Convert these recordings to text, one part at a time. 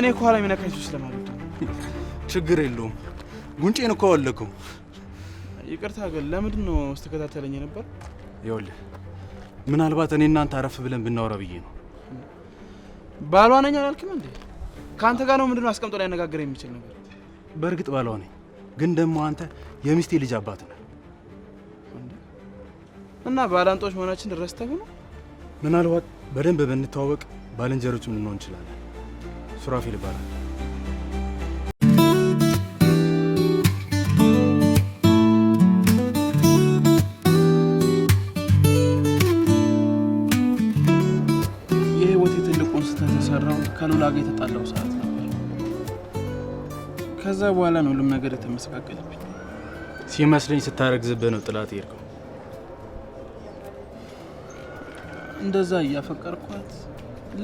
እኔ ከኋላ የሚነካኝ ስለማለ ችግር የለውም። ጉንጬን እኮ አወለከው። ይቅርታ ግን ለምንድን ነው ስትከታተለኝ ነበር? ይኸውልህ ምናልባት እኔ እናንተ አረፍ ብለን ብናወራ ብዬ ነው። ባሏ ነኝ አላልክም እንዴ? ከአንተ ጋር ነው ምንድነው አስቀምጦ ሊያነጋግር የሚችል ነገር? በእርግጥ ባሏ ነኝ፣ ግን ደግሞ አንተ የሚስቴ ልጅ አባት ነህ እና ባላንጦች መሆናችን ረስተህ ነው። ምናልባት በደንብ ብንተዋወቅ ባልንጀሮች ልንሆን እንችላለን። ሱራፊል ይባላል። የህይወቴ ትልቁን ስህተት ከሉላ ጋር የተጣላው ሰዓት ነበር። ከዛ በኋላ ነው ሁሉም ነገር የተመሰቃቀለብኝ። ሲመስለኝ ስታረግዝብህ ነው ጥላት ሄድከው። እንደዛ እያፈቀርኳት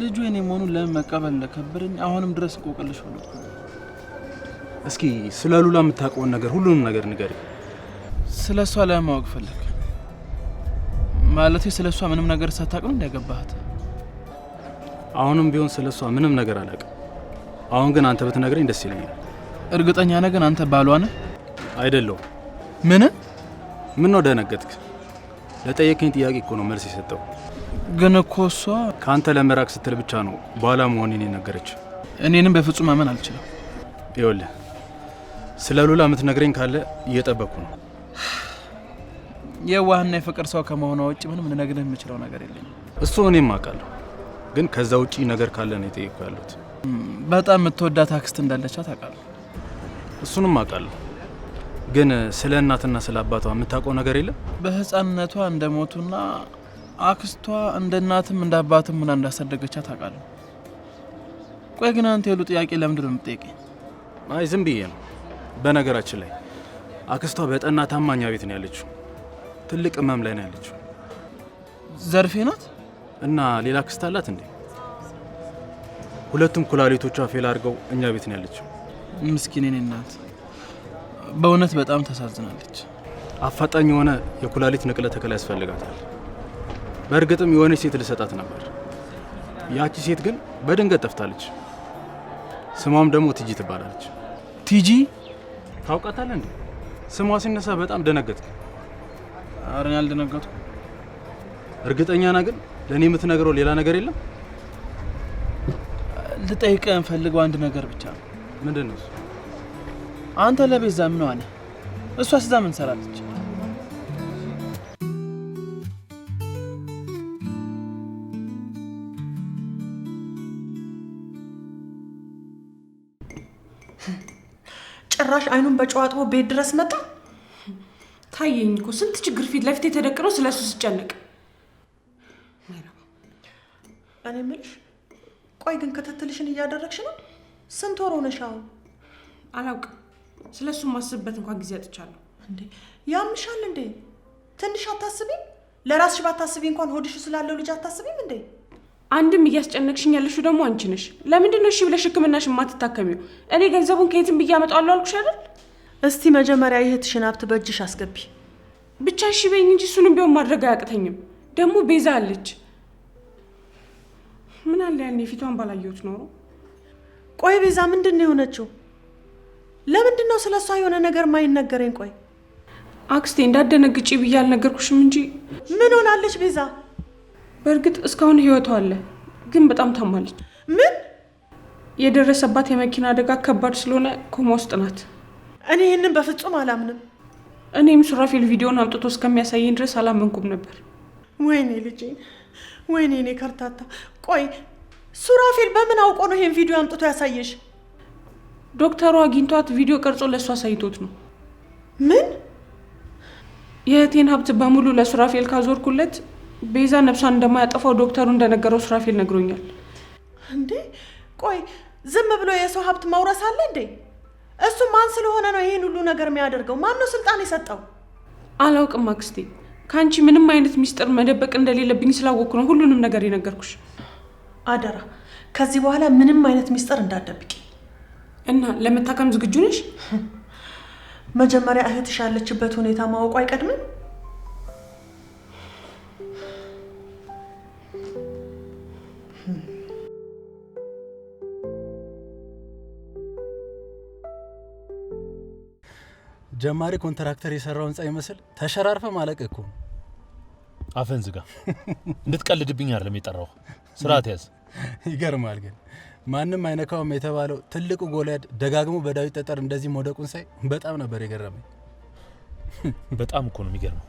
ልጁ የኔ መሆኑን ለምን መቀበል ለከበደኝ አሁንም ድረስ እንቆቅልሽ ሆነ። እስኪ ስለ ሉላ የምታውቀውን ነገር ሁሉንም ነገር ንገሪኝ። ስለ እሷ ለማወቅ ፈለግ ማለት ስለ እሷ ምንም ነገር ሳታውቅ ነው አሁንም ቢሆን ስለ እሷ ምንም ነገር አላውቅም። አሁን ግን አንተ ብትነግረኝ ደስ ይለኛል። እርግጠኛ ነህ ግን አንተ ባሏ ነህ? አይደለሁም። ምን ምን ነው ደነገጥክ? ለጠየቀኝ ጥያቄ እኮ ነው መልስ የሰጠው። ግን እኮ እሷ ከአንተ ለመራቅ ስትል ብቻ ነው መሆን መሆኔን የነገረች። እኔንም በፍጹም አመን አልችልም። ይኸውልህ ስለ ሉላ የምትነግረኝ ካለ እየጠበቅኩ ነው። የዋህና የፍቅር ሰው ከመሆኗ ውጭ ምንም ልነግርህ የምችለው ነገር የለኝም። እሱ እኔም አውቃለሁ፣ ግን ከዛ ውጪ ነገር ካለ ነው የጠየቅኩ ያሉት። በጣም የምትወዳት አክስት እንዳለቻ ታውቃለህ። እሱንም አውቃለሁ፣ ግን ስለ እናትና ስለ አባቷ የምታውቀው ነገር የለም። በህፃንነቷ እንደሞቱና አክስቷ እንደ እናትም እንደ አባትም ምና እንዳሳደገቻት ታውቃለሁ። ቆይ ግን አንተ የሉ ጥያቄ ለምንድን ነው የምትጠይቀኝ? አይ ዝም ብዬ ነው። በነገራችን ላይ አክስቷ በጠና ታማኛ ቤት ነው ያለችው። ትልቅ ህመም ላይ ነው ያለችው። ዘርፌ ናት እና ሌላ አክስት አላት እንዴ? ሁለቱም ኩላሊቶቿ ፌል አድርገው እኛ ቤት ነው ያለችው። ምስኪን የኔ እናት በእውነት በጣም ተሳዝናለች። አፋጣኝ የሆነ የኩላሊት ንቅለ ተከላ ያስፈልጋታል። በእርግጥም የሆነች ሴት ልሰጣት ነበር። ያቺ ሴት ግን በድንገት ጠፍታለች። ስሟም ደግሞ ቲጂ ትባላለች። ቲጂ ታውቃታለህ እንዴ? ስሟ ሲነሳ በጣም ደነገጥኩ። አረን ያልደነገጥኩ። እርግጠኛ ግን? ለእኔ የምትነግረው ሌላ ነገር የለም? ልጠይቀ እንፈልገው አንድ ነገር ብቻ ነው። ምንድን ነው? አንተ ለቤዛ ምን ዋነ? እሷ ስዛ ምን ሰራለች? ጭራሽ አይኑን በጨዋጥቦ ቤት ድረስ መጣ። ታየኝ እኮ ስንት ችግር ፊት ለፊት የተደቅነው ስለ እሱ እኔ የምልሽ ቆይ ግን ክትትልሽን እያደረግሽ ነው? ስንት ወር ሆነሽ? አሁን አላውቅም። ስለ እሱ ማስብበት እንኳን ጊዜ አጥቻለሁ። እንዴ ያምሻል እንዴ? ትንሽ አታስቢም? ለራስሽ ባታስቢ እንኳን ሆድሽ ስላለው ልጅ አታስቢም እንዴ? አንድም እያስጨነቅሽኝ ያለሽው ደግሞ አንቺ ነሽ። ለምንድን ነው እሺ ብለሽ ሕክምናሽ የማትታከሚው? እኔ ገንዘቡን ከየትም ብዬ አመጣዋለሁ አልኩሽ አይደል? እስቲ መጀመሪያ እህትሽን ሀብት በእጅሽ አስገቢ። ብቻ እሺ በይኝ እንጂ እሱንም ቢሆን ማድረግ አያቅተኝም። ደግሞ ቤዛ አለች። ምን አለ ያኔ የፊቷን ባላየሁት ኖሮ። ቆይ ቤዛ ምንድን ነው የሆነችው? ለምንድን ነው ስለ እሷ የሆነ ነገር ማይነገረኝ? ቆይ አክስቴ እንዳደነግጪ ብዬ አልነገርኩሽም እንጂ ምን ሆናለች ቤዛ? በእርግጥ እስካሁን ህይወቷ አለ፣ ግን በጣም ታማለች። ምን የደረሰባት የመኪና አደጋ ከባድ ስለሆነ ኮማ ውስጥ ናት። እኔ ይህንን በፍጹም አላምንም። እኔም ሱራፌል ቪዲዮን አምጥቶ እስከሚያሳየኝ ድረስ አላመንኩም ነበር። ወይኔ ልጄ፣ ወይኔ እኔ ከርታታ። ቆይ ሱራፌል በምን አውቆ ነው ይህን ቪዲዮ አምጥቶ ያሳየሽ? ዶክተሩ አግኝቷት ቪዲዮ ቀርጾ ለእሱ አሳይቶት ነው። ምን የእህቴን ሀብት በሙሉ ለሱራፌል ካዞርኩለት ቤዛ ነፍሷን እንደማያጠፋው ዶክተሩ እንደነገረው ሱራፌል ነግሮኛል። እንዴ ቆይ ዝም ብሎ የሰው ሀብት መውረስ አለ እንዴ? እሱ ማን ስለሆነ ነው ይሄን ሁሉ ነገር የሚያደርገው? ማን ነው ስልጣን የሰጠው? አላውቅም አክስቴ። ከአንቺ ምንም አይነት ሚስጥር መደበቅ እንደሌለብኝ ስላወቅኩ ነው ሁሉንም ነገር የነገርኩሽ። አደራ ከዚህ በኋላ ምንም አይነት ሚስጥር እንዳደብቂ እና ለመታከም ዝግጁ ነሽ? መጀመሪያ እህትሽ ያለችበት ሁኔታ ማወቁ አይቀድምም? ጀማሪ ኮንትራክተር የሰራው ህንፃ ይመስል ተሸራርፈ ማለቅ እኮ አፈን ዝጋ። እንድትቀልድብኝ አይደለም የጠራው። ስርዓት ያዝ። ይገርማል ግን ማንም አይነካውም የተባለው ትልቁ ጎልያድ ደጋግሞ በዳዊት ጠጠር እንደዚህ መውደቁን ሳይ በጣም ነበር የገረመኝ። በጣም እኮ ነው የሚገርመው።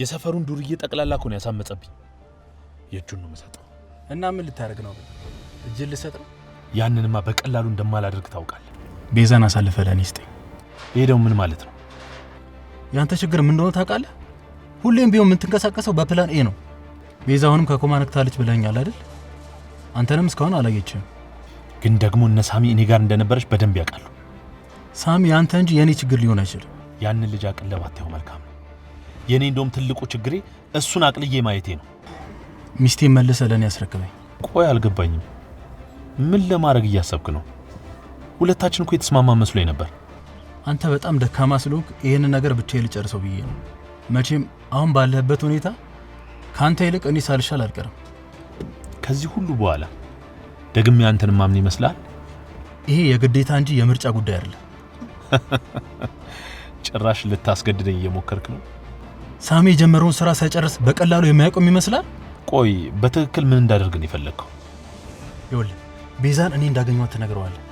የሰፈሩን ዱርዬ ጠቅላላ እኮ ነው ያሳመጸብኝ። የእጁን ነው መሰጠው እና ምን ልታደርግ ነው? እጅን ልሰጥ ነው? ያንንማ በቀላሉ እንደማላደርግ ታውቃለህ። ቤዛን አሳልፈ ለእኔ ስጠኝ። ይሄ ደግሞ ምን ማለት ነው? ያንተ ችግር ምን እንደሆነ ታውቃለህ? ሁሌም ቢሆን የምትንቀሳቀሰው በፕላን ኤ ነው። ቤዛ አሁንም ከኮማ ነክታለች ብለኛል አይደል? አንተንም እስካሁን አላየችም። ግን ደግሞ እነ ሳሚ እኔ ጋር እንደነበረች በደንብ ያውቃሉ። ሳሚ ያንተ እንጂ የእኔ ችግር ሊሆን አይችልም። ያንን ልጅ አቅልለህ ባታየው መልካም ነው። የእኔ እንደውም ትልቁ ችግሬ እሱን አቅልዬ ማየቴ ነው። ሚስቴ መልሰ ለእኔ ያስረክበኝ። ቆይ አልገባኝም። ምን ለማድረግ እያሰብክ ነው? ሁለታችን እኮ የተስማማ መስሎኝ ነበር። አንተ በጣም ደካማ ስለሆንክ ይህንን ነገር ብቻ ልጨርሰው ብዬ ነው። መቼም አሁን ባለህበት ሁኔታ ከአንተ ይልቅ እኔ ሳልሻል አልቀርም። ከዚህ ሁሉ በኋላ ደግሜ አንተን ማምን ይመስላል። ይሄ የግዴታ እንጂ የምርጫ ጉዳይ አይደለም። ጭራሽ ልታስገድደኝ እየሞከርክ ነው። ሳሚ የጀመረውን ስራ ሳይጨርስ በቀላሉ የማያቆም ይመስላል። ቆይ በትክክል ምን እንዳደርግን የፈለግከው? ይኸውልህ ቤዛን እኔ እንዳገኘኋት ትነግረዋለህ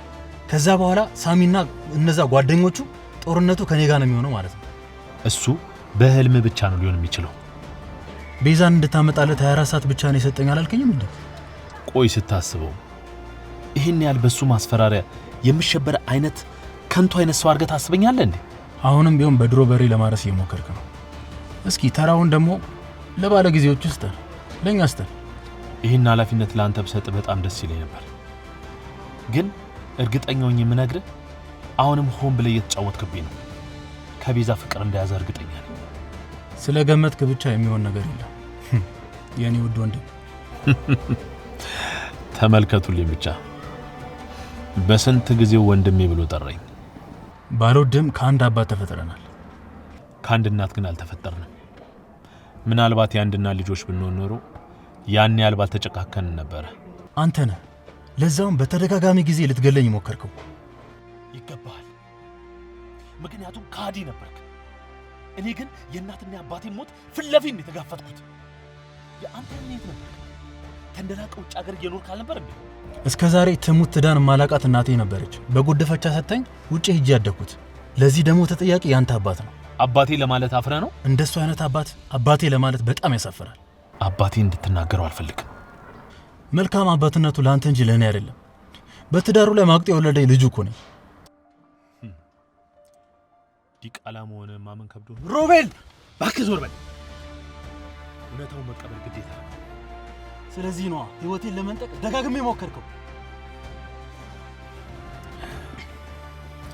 ከዛ በኋላ ሳሚና እነዛ ጓደኞቹ ጦርነቱ ከኔ ጋር ነው የሚሆነው ማለት ነው። እሱ በህልም ብቻ ነው ሊሆን የሚችለው። ቤዛን እንድታመጣለት 24 ሰዓት ብቻ ነው የሰጠኝ አላልከኝም እንዴ? ቆይ ስታስበው ይህን ያህል በሱ ማስፈራሪያ የምሸበር አይነት ከንቱ አይነት ሰው አድርገህ ታስበኛለህ እንዴ? አሁንም ቢሆን በድሮ በሬ ለማረስ እየሞከርክ ነው። እስኪ ተራውን ደግሞ ለባለ ጊዜዎች ውስጥ ለእኛ ስተን ይህን ኃላፊነት ለአንተ ብሰጥ በጣም ደስ ይለኝ ነበር ግን እርግጠኛ ሆኜ የምነግርህ አሁንም ሆን ብለህ እየተጫወትክብኝ ነው። ከቤዛ ፍቅር እንደያዘ እርግጠኛ ነኝ። ስለ ገመትክ ብቻ የሚሆን ነገር የለም የእኔ ውድ ወንድም። ተመልከቱልኝ ብቻ በስንት ጊዜው ወንድሜ ብሎ ጠራኝ። ባልወድም ከአንድ አባት ተፈጥረናል፣ ከአንድ እናት ግን አልተፈጠርንም። ምናልባት የአንድና ልጆች ብንሆን ኖሮ ያን ያህል ባልተጨካከንን ነበረ። አንተ ነህ ለዛውም በተደጋጋሚ ጊዜ ልትገለኝ ሞከርከው። ይገባሃል፣ ምክንያቱም ካዲ ነበርክ። እኔ ግን የእናትና አባቴን ሞት ፊት ለፊት ነው የተጋፈጥኩት። የአንተ ምኔት ነበር ተንደላቀ ውጭ ሀገር እየኖርክ አልነበር እንዴ? እስከ ዛሬ ትሙት ትዳን ማላቃት እናቴ ነበረች። በጉድፈቻ ሰተኝ ውጭ ሂጄ ያደግኩት። ለዚህ ደግሞ ተጠያቂ ያንተ አባት ነው። አባቴ ለማለት አፍረ ነው። እንደሱ አይነት አባት አባቴ ለማለት በጣም ያሳፍራል። አባቴ እንድትናገረው አልፈልግም። መልካም አባትነቱ ለአንተ እንጂ ለእኔ አይደለም። በትዳሩ ላይ ማቅጥ የወለደኝ ልጁ እኮ ነኝ። ዲቃላ መሆነ ማመን ከብዶ ሮቤል፣ እባክህ ዞር በል። እውነታውን መቀበል ግዴታ። ስለዚህ ነዋ ህይወቴን ለመንጠቅ ደጋግሜ ሞከርከው።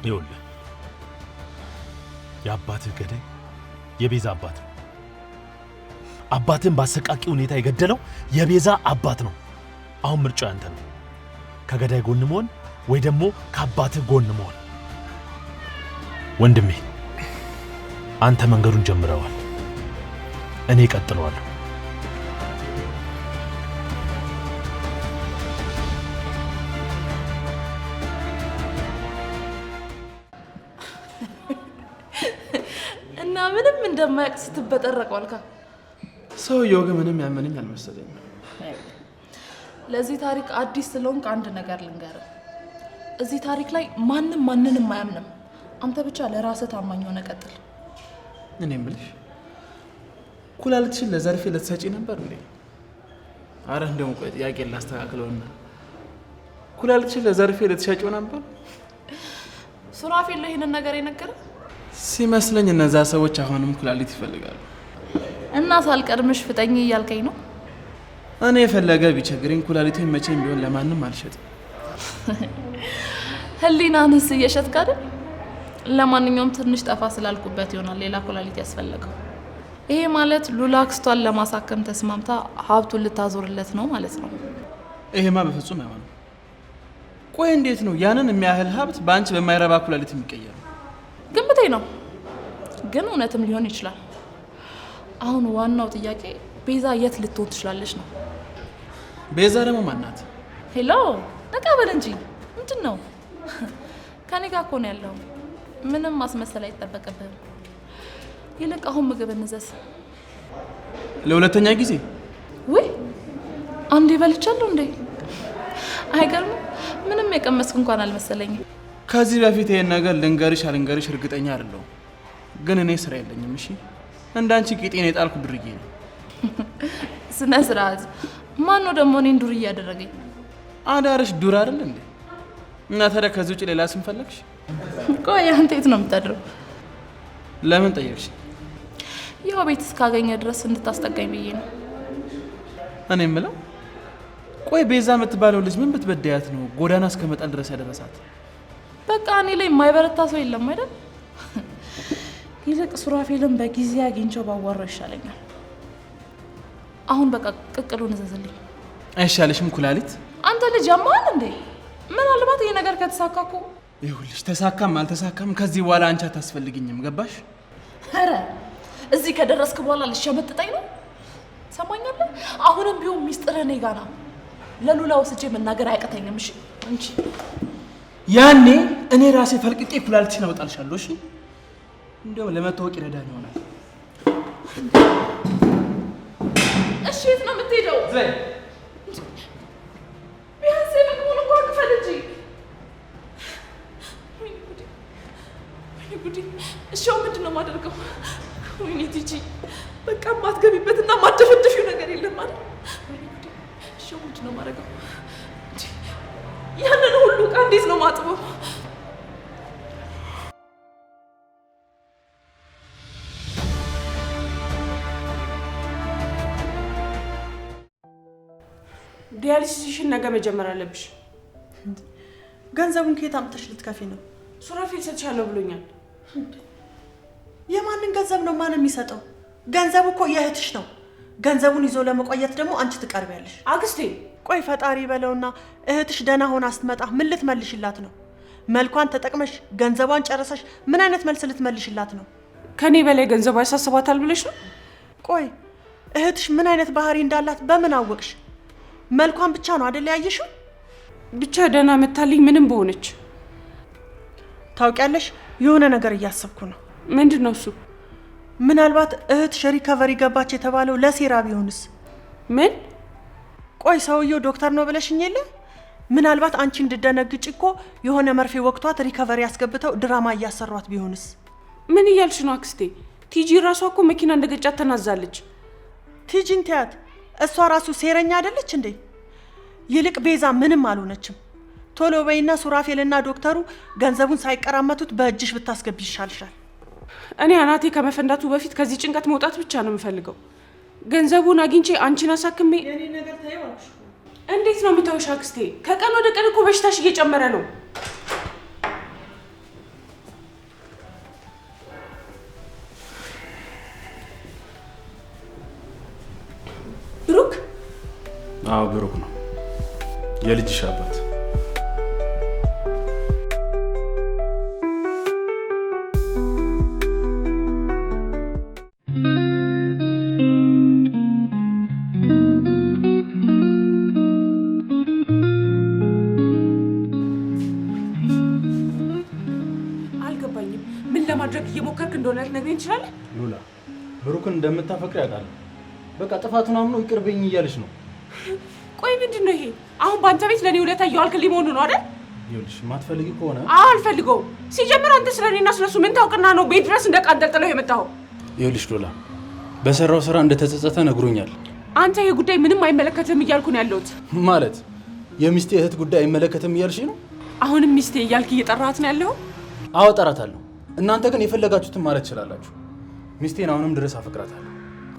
ይኸውልህ የአባትህ ገዳይ የቤዛ አባት ነው። አባትን በአሰቃቂ ሁኔታ የገደለው የቤዛ አባት ነው። አሁን ምርጫው ያንተ ነው። ከገዳይ ጎን መሆን ወይ ደግሞ ከአባትህ ጎን መሆን። ወንድሜ አንተ መንገዱን ጀምረዋል፣ እኔ ቀጥለዋለሁ። እና ምንም እንደማያውቅ ስትበጠረቅ ዋልካ። ሰውየው ግን ምንም ያመነኝ አልመሰለኝም። ለዚህ ታሪክ አዲስ ስለሆንክ አንድ ነገር ልንገር። እዚህ ታሪክ ላይ ማንም ማንንም አያምንም። አንተ ብቻ ለራስህ ታማኝ ሆነ ቀጥል። እኔ እምልሽ ኩላልትሽን ለዘርፌ ልትሰጪ ነበር እንዴ? አረ እንደውም ቆይ ጥያቄ ላስተካክለውና ኩላልትሽን ለዘርፌ ልትሸጪው ነበር? ሱራፌል ይህንን ነገር የነገረ ሲመስለኝ እነዛ ሰዎች አሁንም ኩላሊት ይፈልጋሉ። እና ሳልቀድምሽ ፍጠኝ እያልከኝ ነው? እኔ የፈለገ ቢቸግረኝ ኩላሊቴን መቼም ቢሆን ለማንም አልሸጥም። ህሊናንስ እየሸጥክ አይደል? ለማንኛውም ትንሽ ጠፋ ስላልኩበት ይሆናል ሌላ ኩላሊት ያስፈለገው። ይሄ ማለት ሉላ አክስቷን ለማሳከም ተስማምታ ሀብቱን ልታዞርለት ነው ማለት ነው። ይሄማ በፍጹም አይሆንም። ቆይ እንዴት ነው ያንን የሚያህል ሀብት በአንቺ በማይረባ ኩላሊት የሚቀየር? ግምቴ ነው፣ ግን እውነትም ሊሆን ይችላል። አሁን ዋናው ጥያቄ ቤዛ የት ልትሆን ትችላለች ነው። ቤዛ ደግሞ ማናት? ሄሎ ነቃ እንጂ ምንድን ነው? ከኔ ጋር እኮ ነው ያለው። ምንም ማስመሰል አይጠበቅብህም። ይልቅ አሁን ምግብ እንዘዝ። ለሁለተኛ ጊዜ ውይ፣ አንዴ በልቻለሁ እንዴ! አይገርምም? ምንም የቀመስኩ እንኳን አልመሰለኝም። ከዚህ በፊት ይሄን ነገር ልንገርሽ አልንገርሽ እርግጠኛ አይደለሁም፣ ግን እኔ ስራ የለኝም። እሺ እንዳንቺ ቂጤን የጣልኩ ድርጌ ነው። ስነ ስርዓት ማን ነው ደግሞ እኔን ዱር እያደረገኝ? አዳርሽ ዱር አይደል እንዴ? እና ታዲያ ከዚህ ውጭ ሌላ ስም ፈለግሽ? ቆይ አንተ የት ነው የምታድረው? ለምን ጠየቅሽ? ያው ቤት እስካገኘ ድረስ እንድታስጠጋኝ ብዬ ነው። እኔ የምለው ቆይ ቤዛ የምትባለው ልጅ ምን ብትበዳያት ነው ጎዳና እስከመጣል ድረስ ያደረሳት? በቃ እኔ ላይ የማይበረታ ሰው የለም አይደል? ይልቅ ሱራፌልን በጊዜ አግኝቼው ባዋራው ይሻለኛል። አሁን በቃ ቅቅሉን እዘዝልኝ። አይሻለሽም ኩላሊት አንተ ልጅ ያማል እንዴ? ምናልባት ይህ ነገር ከተሳካኩ እኮ ልጅ ተሳካም አልተሳካም ከዚህ በኋላ አንቺ አታስፈልግኝም። ገባሽ? ኧረ እዚህ ከደረስክ በኋላ ልሸመጥጠኝ ነው። ሰማኛለህ? አሁንም ቢሆን ሚስጥርህ እኔ ጋር ነው። ለሉላ ወስጄ መናገር አያቅተኝም። እሺ እንጂ ያኔ እኔ ራሴ ፈልቅቄ ኩላሊትሽን አወጣልሻለሁ። እሺ፣ እንደው ለመታወቅ ይረዳን ይሆናል። እሺ፣ የት ነው የምትሄደው? ቢያንስ የምግቡን እንኳን ክፈል እንጂ። ወይኔ ጉዴ! እሺ፣ አሁን ምንድን ነው የማደርገው? ወይኔ ቲጂ፣ በቃ የማትገቢበትና የማትደፈድፊው ነገር የለም አይደል? ወይኔ ጉዴ! እሺ፣ አሁን ምንድን ነው የማደርገው? ያንን ሁሉ ዕቃ እንዴት ነው የማጥበው? ነገ መጀመር አለብሽ። ገንዘቡን ከየት አምጥተሽ ልትከፊ ነው? ሱራፌል ሰጥሻለሁ ብሎኛል። የማንን ገንዘብ ነው ማን የሚሰጠው? ገንዘቡ እኮ የእህትሽ ነው። ገንዘቡን ይዞ ለመቆየት ደግሞ አንቺ ትቀርቢያለሽ። አግስቴ ቆይ ፈጣሪ በለውና እህትሽ ደህና ሆና ስትመጣ ምን ልትመልሽላት ነው? መልኳን ተጠቅመሽ ገንዘቧን ጨረሰሽ ምን አይነት መልስ ልትመልሽላት ነው? ከኔ በላይ ገንዘቧ ያሳስባታል ብለሽ ነው? ቆይ እህትሽ ምን አይነት ባህሪ እንዳላት በምን አወቅሽ? መልኳን ብቻ ነው አደለ ያየሽው? ብቻ ደህና መታልኝ ምንም በሆነች። ታውቂያለሽ፣ የሆነ ነገር እያሰብኩ ነው። ምንድን ነው እሱ? ምናልባት እህትሽ ሪከቨሪ ገባች የተባለው ለሴራ ቢሆንስ? ምን? ቆይ ሰውየው ዶክተር ነው ብለሽኝ የለ? ምናልባት አንቺ እንድደነግጭ እኮ የሆነ መርፌ ወቅቷት ሪከቨሪ ያስገብተው ድራማ እያሰሯት ቢሆንስ? ምን እያልሽ ነው አክስቴ? ቲጂ ራሷ እኮ መኪና እንደገጫት ተናዛለች። ቲጂን ትያት እሷ ራሱ ሴረኛ አይደለች እንዴ? ይልቅ ቤዛ ምንም አልሆነችም። ቶሎ በይና ሱራፌልና ዶክተሩ ገንዘቡን ሳይቀራመቱት በእጅሽ ብታስገቢ ይሻልሻል። እኔ አናቴ ከመፈንዳቱ በፊት ከዚህ ጭንቀት መውጣት ብቻ ነው የምፈልገው። ገንዘቡን አግኝቼ አንቺን አሳክሜ እንዴት ነው የምታወሽ? አክስቴ ከቀን ወደ ቀን እኮ በሽታሽ እየጨመረ ነው። ብሩክ? አዎ ብሩክ ነው የልጅሽ አባት። አልገባኝም። ምን ለማድረግ እየሞከርክ እንደሆነ ልትነግረኝ ትችላለህ? ሉላ ብሩክን እንደምታፈቅር ያውቃል በቃ ጥፋቱን አምኖ ይቅርብኝ እያለች ነው። ቆይ ምንድን ነው ይሄ? አሁን በአንተ ቤት ለእኔ ውለታ እየዋልክልኝ መሆኑ ነው አይደል? ይኸውልሽ ማትፈልጊ ከሆነ አልፈልገው። ሲጀምር አንተ ስለ እኔና ስለሱ ምን ታውቅና ነው ቤት ድረስ እንደ ዕቃ አንጠልጥለው የመጣኸው? ይኸውልሽ ዶላ በሰራው ስራ እንደተጸጸተ ነግሮኛል። አንተ ይሄ ጉዳይ ምንም አይመለከትም እያልኩ ነው ያለሁት። ማለት የሚስቴ እህት ጉዳይ አይመለከትም እያልሽ ነው? አሁንም ሚስቴ እያልክ እየጠራት ነው ያለው? አዎ ጠራታለሁ። እናንተ ግን የፈለጋችሁትን ማለት ትችላላችሁ። ሚስቴን አሁንም ድረስ አፈቅራታለሁ።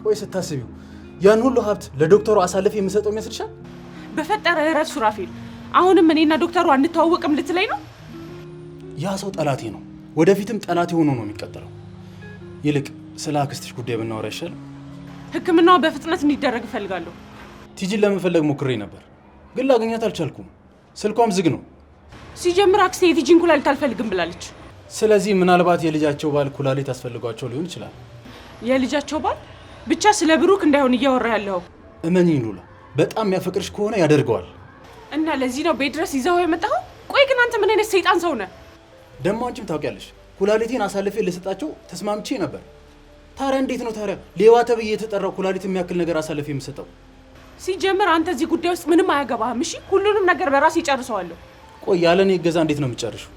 ቆይ ስታስቢው ያን ሁሉ ሀብት ለዶክተሩ አሳልፍ የምሰጠው የሚያስልሻል? በፈጠረ እረት ሱራፌል፣ አሁንም እኔና ዶክተሩ አንተዋወቅም ልትለኝ ነው? ያ ሰው ጠላቴ ነው፣ ወደፊትም ጠላቴ ሆኖ ነው የሚቀጥለው። ይልቅ ስለ አክስትሽ ጉዳይ ብናወራ ይሻላል። ሕክምናዋ በፍጥነት እንዲደረግ እፈልጋለሁ። ቲጂን ለመፈለግ ሞክሬ ነበር፣ ግን ላገኛት አልቻልኩም። ስልኳም ዝግ ነው። ሲጀምር አክስቴ የቲጂን ኩላሊት አልፈልግም ብላለች። ስለዚህ ምናልባት የልጃቸው ባል ኩላሊት አስፈልጓቸው ሊሆን ይችላል። የልጃቸው ባል ብቻ ስለ ብሩክ እንዳይሆን እያወራ ያለው። እመኚኝ ሉላ፣ በጣም የሚያፈቅርሽ ከሆነ ያደርገዋል። እና ለዚህ ነው ቤት ድረስ ይዘኸው የመጣኸው? ቆይ ግን አንተ ምን አይነት ሰይጣን ሰው ነህ? ደግሞ አንቺም ታውቂያለሽ፣ ኩላሊቴን አሳልፌ ልሰጣቸው ተስማምቼ ነበር። ታዲያ እንዴት ነው ታዲያ ሌባ ተብዬ የተጠራው ኩላሊት የሚያክል ነገር አሳልፌ የምሰጠው? ሲጀምር አንተ እዚህ ጉዳይ ውስጥ ምንም አያገባህም። እሺ፣ ሁሉንም ነገር በራሴ ይጨርሰዋለሁ። ቆይ ያለ እኔ እገዛ እንዴት ነው የምጨርሽው?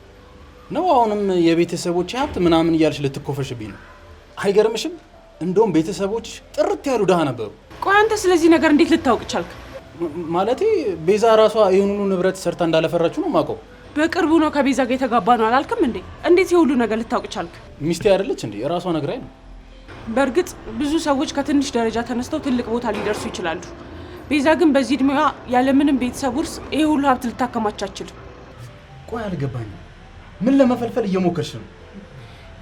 ነው አሁንም የቤተሰቦች ሀብት ምናምን እያልሽ ልትኮፈሽብኝ ነው? አይገርምሽም? እንደውም ቤተሰቦች ጥርት ያሉ ድሃ ነበሩ። ቆይ አንተ ስለዚህ ነገር እንዴት ልታውቅ ቻልክ? ማለቴ ቤዛ ራሷ ይህን ሁሉ ንብረት ሰርታ እንዳለፈራችሁ ነው የማውቀው። በቅርቡ ነው ከቤዛ ጋር የተጋባ ነው አላልክም እንዴ? እንዴት የሁሉ ነገር ልታውቅ ቻልክ? ሚስቴ አይደለች እንዴ? የራሷ ነግራኝ ነው። በእርግጥ ብዙ ሰዎች ከትንሽ ደረጃ ተነስተው ትልቅ ቦታ ሊደርሱ ይችላሉ። ቤዛ ግን በዚህ እድሜዋ ያለምንም ቤተሰብ ውርስ ይሄ ሁሉ ሀብት ልታከማች አትችልም። ቆይ አልገባኝም። ምን ለመፈልፈል እየሞከርሽ ነው?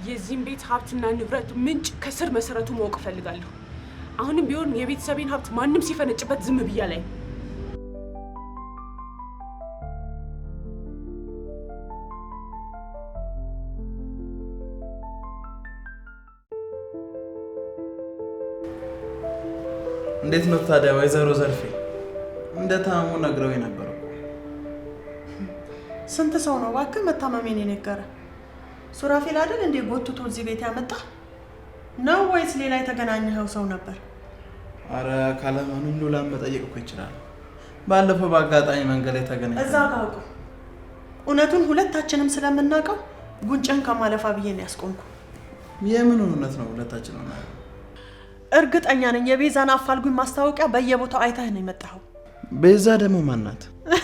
የዚህም ቤት ሀብትና ንብረት ምንጭ ከስር መሰረቱ ማወቅ እፈልጋለሁ። አሁንም ቢሆን የቤተሰቤን ሀብት ማንም ሲፈነጭበት ዝም ብያ ላይ እንዴት ነው ታዲያ ወይዘሮ ዘርፌ? እንደ ታሙ ነግረው የነበረው ስንት ሰው ነው እባክህ መታመሜን የነገረ ሱራፌል አይደል እንዴ ጎትቶ እዚህ ቤት ያመጣ ነው ወይስ ሌላ የተገናኘኸው ሰው ነበር? አረ ካለመሆኑ ሉላን መጠየቅ እኮ ይችላል። ባለፈው በአጋጣሚ መንገድ ላይ ተገናኘ። እዛ ጋውቁ እውነቱን ሁለታችንም ስለምናውቀው ጉንጭን ከማለፋ ብዬ ነው ያስቆምኩ። የምን እውነት ነው ሁለታችን እርግጠኛ ነኝ የቤዛን አፋልጉኝ ማስታወቂያ በየቦታው አይተህ ነው የመጣኸው። ቤዛ ደግሞ ማናት?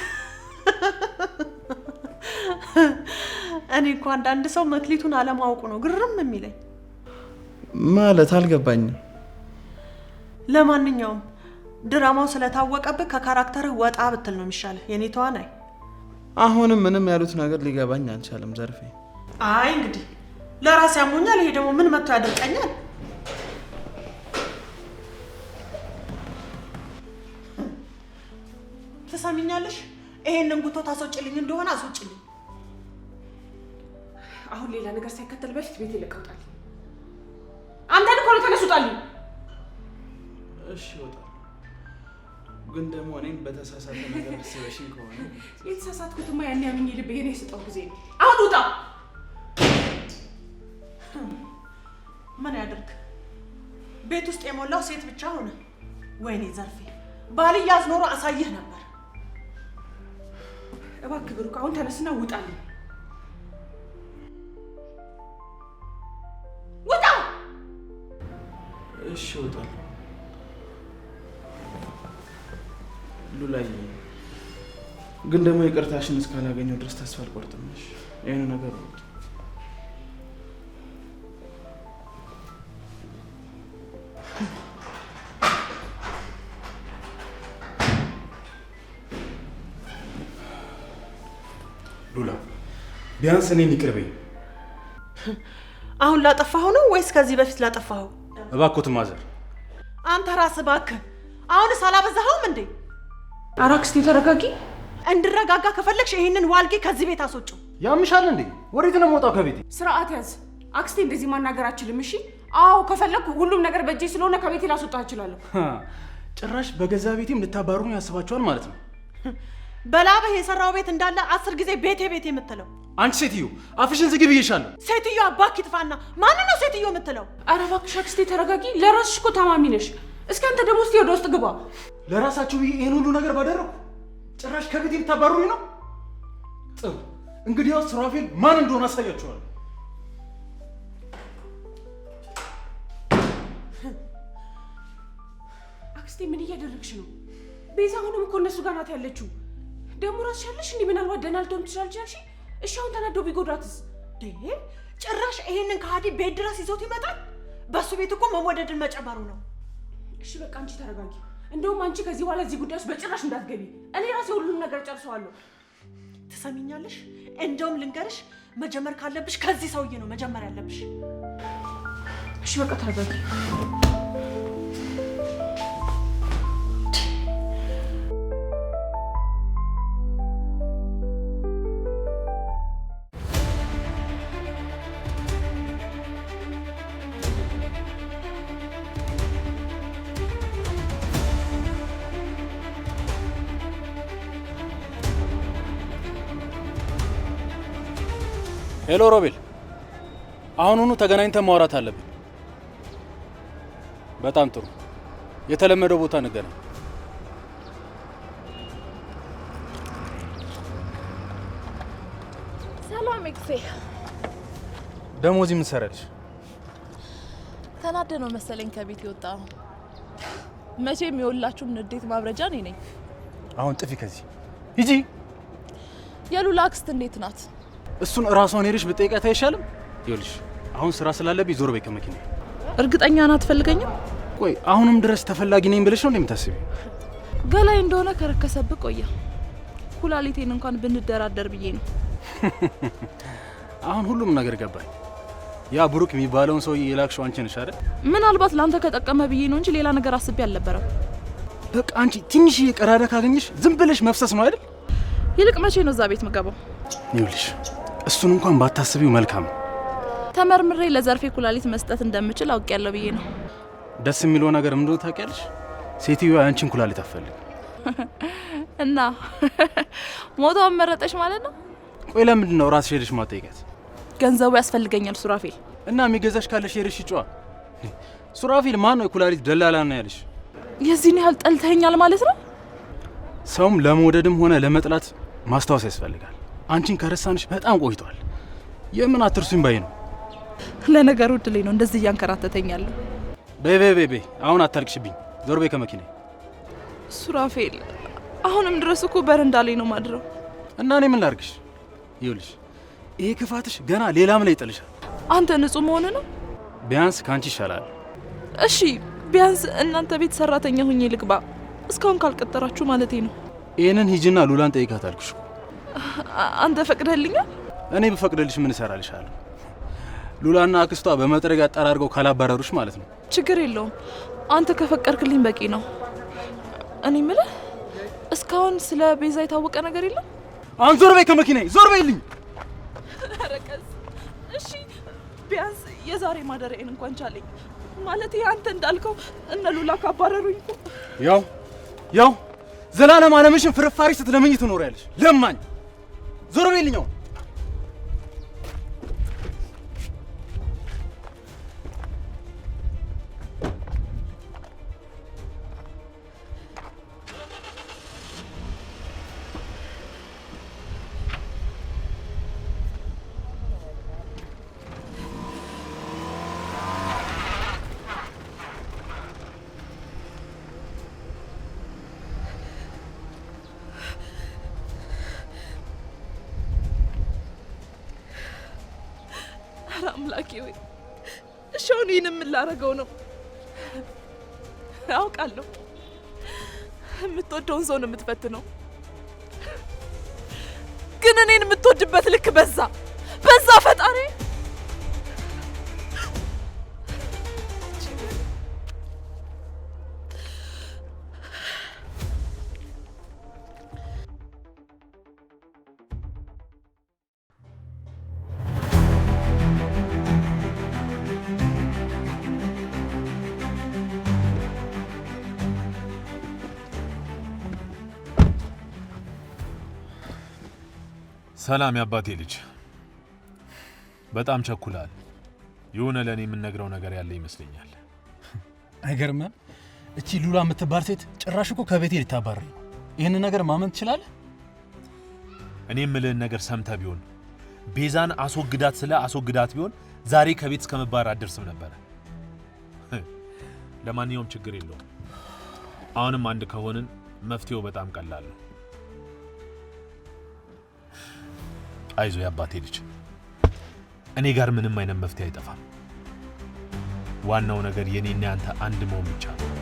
እኔ እኮ አንዳንድ ሰው መክሊቱን አለማወቁ ነው ግርም የሚለኝ። ማለት አልገባኝም። ለማንኛውም ድራማው ስለታወቀብህ ከካራክተርህ ወጣ ብትል ነው የሚሻልህ የኔ ተዋናይ። አሁንም ምንም ያሉት ነገር ሊገባኝ አልቻለም ዘርፌ። አይ እንግዲህ ለራሴ ያሞኛል። ይሄ ደግሞ ምን መጥቶ ያደርቀኛል? ትሰሚኛለሽ? ይሄንን ጉቶ ታስወጪልኝ እንደሆነ አስወጪልኝ። አሁን ሌላ ነገር ሳይከተል በፊት ቤት ይለቀውጣል። አንተ ልኮ ነው ተነሱጣል። እሺ ወጣ ግን ደግሞ እኔም በተሳሳተ ነገር ስበሽኝ ከሆነ የተሳሳትኩትማ ያን ያምኝ ልብ የኔ ስጠው ጊዜ ነው። አሁን ውጣ። ምን ያደርግ ቤት ውስጥ የሞላው ሴት ብቻ ሆነ። ወይኔ ዘርፌ ባልያዝ ኖሮ አሳየህ ነበር። እባክህ ብሩክ፣ አሁን ተነስና ውጣልኝ። እሺ እወጣለሁ። ሉላዬ ግን ደግሞ ይቅርታሽን እስካላገኘው ድረስ ተስፋ አልቆርጥም። እሺ ይሄን ነገር ሉላ ቢያንስ እኔን ይቅር አሁን ላጠፋኸው ነው ወይስ ከዚህ በፊት ላጠፋኸው? እባክዎት ማዘር። አንተ ራስህ እባክህ አሁንስ አላበዛኸውም እንዴ? ኧረ አክስቴ ተረጋጊ። እንድረጋጋ ከፈለግሽ ይህንን ዋልጌ ከዚህ ቤት አስወጪው። ያምሻል እንዴ? ወዴት ነው የምወጣው ከቤቴ? ስርዓት ያዝ። አክስቴ እንደዚህ ማናገር አችልም። እሺ? አዎ ከፈለግኩ ሁሉም ነገር በእጄ ስለሆነ ከቤቴ ላስወጣ እችላለሁ። ጭራሽ በገዛ ቤቴም ልታባሩኝ ያስባችኋል ማለት ነው። በላብህ የሰራው ቤት እንዳለ አስር ጊዜ ቤቴ ቤቴ የምትለው አንቺ ሴትዮ አፍሽን ዝግብ ብዬሻለሁ። ሴትዮ አባክ ይጥፋና ማን ነው ሴትዮ የምትለው? አረ እባክሽ አክስቴ ተረጋጊ። ለራስሽ እኮ ታማሚ ነሽ። እስኪ አንተ ደግሞ እስኪ ወደ ውስጥ ግባ። ለራሳችሁ ብዬ ይህን ሁሉ ነገር ባደረኩ ጭራሽ ከቤት የምታባሩኝ ነው? ጥሩ እንግዲያው ስራፌል ማን እንደሆነ አሳያችኋለሁ። አክስቴ ምን እያደረግሽ ነው? ቤዛ አሁንም እኮ እነሱ ጋር ናት ያለችው ደግሞ ራስ ያለሽ እንዲህ ምናልባት ደህና ልትሆን ትችላለች ያልሽ። እሺ አሁን ተናዶ ቢጎዳትስ? ጭራሽ ይሄንን ከሀዲ ቤት ድረስ ይዞት ይመጣል። በእሱ ቤት እኮ መወደድን መጨመሩ ነው። እሺ በቃ አንቺ ተረጋጊ። እንደውም አንቺ ከዚህ በኋላ እዚህ ጉዳዮች በጭራሽ እንዳትገቢ። እኔ ራሴ ሁሉንም ነገር ጨርሰዋለሁ። ትሰሚኛለሽ? እንደውም ልንገርሽ፣ መጀመር ካለብሽ ከዚህ ሰውዬ ነው መጀመር ያለብሽ። እሺ በቃ ተረጋጊ። ሄሎ ሮቤል፣ አሁኑኑ ተገናኝተን ማውራት አለብን። በጣም ጥሩ። የተለመደው ቦታ እንገናኝ። ሰላም ኤክሴ። ደግሞ እዚህ ምን ሰራልሽ? ተናደ ነው መሰለኝ ከቤት የወጣ መቼም የሁላችሁም ንዴት ማብረጃ እኔ ነኝ። አሁን ጥፊ ከዚህ ሂጂ። የሉላ አክስት እንዴት ናት? እሱን እራሷን ሄደሽ ብጠይቃት አይሻልም? ይኸውልሽ አሁን ስራ ስላለብኝ ዞር በይ ከመኪና። እርግጠኛ ናት አትፈልገኝም? ቆይ አሁንም ድረስ ተፈላጊ ነኝ ብለሽ ነው እንደምታስቢ? ገላይ እንደሆነ ከረከሰብ ቆየ። ኩላሊቴን እንኳን ብንደራደር ብዬ ነው። አሁን ሁሉም ነገር ገባኝ። ያ ብሩክ የሚባለውን ሰውዬ የላክሽው አንቺ ነሽ አይደል? ምናልባት ለአንተ ከጠቀመ ብዬ ነው እንጂ ሌላ ነገር አስቤ አልነበረም። በቃ አንቺ ትንሽዬ ቀዳዳ ካገኘሽ ዝም ብለሽ መፍሰስ ነው አይደል? ይልቅ መቼ ነው እዛ ቤት ምገባው? ይኸውልሽ እሱን እንኳን ባታስቢው መልካም። ተመርምሬ ለዘርፌ ኩላሊት መስጠት እንደምችል ያለው ብዬ ነው። ደስ የሚለው ነገር ምንድ ታውቂያለሽ? ሴትዮዋ ያንቺን ኩላሊት አፈልግ እና ሞታውን መረጠሽ ማለት ነው። ቆይ ለምንድን ነው ራስሽ ሄደሽ ማጠይቀት? ገንዘቡ ያስፈልገኛል ሱራፌል። እና የሚገዛሽ ካለሽ ሄደሽ ይጫዋ። ሱራፌል ማን ነው የኩላሊት ደላላ ነው ያለሽ? የዚህን ያህል ጠልተኛል ማለት ነው። ሰውም ለመውደድም ሆነ ለመጥላት ማስታወስ ያስፈልጋል። አንቺን ከረሳንሽ በጣም ቆይቷል። የምን አትርሱኝ ባይ ነው። ለነገሩ እድሌ ነው እንደዚህ እያንከራተተኛለሁ። በይ በይ በይ አሁን አታልቅሽብኝ። ዞር በይ ከመኪና። ሱራፌል፣ አሁንም ድረስ እኮ በረንዳ ላይ ነው ማድረው እና እኔ ምን ላርግሽ? ይኸውልሽ፣ ይሄ ክፋትሽ ገና ሌላም ላይ ይጥልሻል። አንተ ንጹህ መሆን ነው። ቢያንስ ከአንቺ ይሻላል። እሺ፣ ቢያንስ እናንተ ቤት ሰራተኛ ሁኜ ልግባ። እስካሁን ካልቀጠራችሁ ማለቴ ነው። ይህንን ሂጂና ሉላን ጠይቃት አልኩሽ። አንተ ፈቅደልኛል? እኔ ብፈቅደልሽ ምን እሰራልሻለሁ? ሉላና አክስቷ በመጥረግ አጠራርገው ካላባረሩሽ ማለት ነው። ችግር የለውም አንተ ከፈቀድክልኝ በቂ ነው። እኔ የምልህ እስካሁን ስለ ቤዛ የታወቀ ነገር የለም? አሁን ዞር በይ ከመኪናዬ ዞር በይልኝ። እሺ ቢያንስ የዛሬ ማደሪያዬን እንኳን ቻለኝ። ማለት አንተ እንዳልከው እነ ሉላ ካባረሩኝ ያው ያው ዘላለም አለምሽን ፍርፋሪ ስትለምኝ ትኖሪያለሽ ለማኝ ¡Duro ኧረ አምላኬ ወይ እሺ፣ አሁን ይህን የምላረገው ነው? አውቃለሁ የምትወደውን ሰው ነው የምትፈትነው፣ ግን እኔን የምትወድበት ልክ በዛ በዛ ሰላም ያባቴ ልጅ፣ በጣም ቸኩላል። የሆነ ለእኔ የምነግረው ነገር ያለ ይመስለኛል። አይገርምም? እቺ ሉላ የምትባል ሴት ጭራሽ እኮ ከቤቴ ልታባረር ይህንን ነገር ማመን ትችላለህ? እኔ የምልህን ነገር ሰምተህ ቢሆን ቤዛን አስወግዳት ስለ አስወግዳት ቢሆን ዛሬ ከቤት እስከ መባረር አደርስም ነበረ። ለማንኛውም ችግር የለውም። አሁንም አንድ ከሆንን መፍትሄው በጣም ቀላል ነው። አይዞ ያባቴ ልጅ፣ እኔ ጋር ምንም አይነት መፍትሄ አይጠፋም። ዋናው ነገር የኔና ያንተ አንድ መሆን ብቻ ነው።